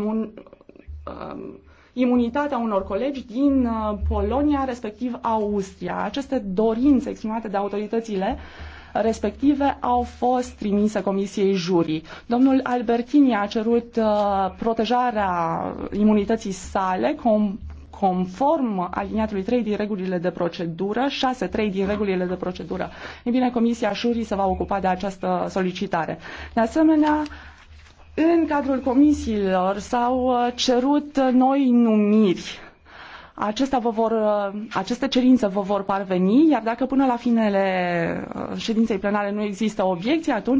un, um, imunitatea unor colegi din uh, Polonia, respectiv Austria. Aceste dorințe exprimate de autoritățile respective au fost trimise Comisiei Jurii. Domnul Albertini a cerut uh, protejarea imunității sale com conform aliniatului 3 din regulile de procedură, 3 din regulile de procedură. Ei bine, Comisia Jurii se va ocupa de această solicitare. De asemenea, în cadrul comisiilor s-au uh, cerut uh, noi numiri. Acestea vă vor, uh, aceste cerințe vă vor parveni, iar dacă până la finele ședinței plenare nu există obiecții, atunci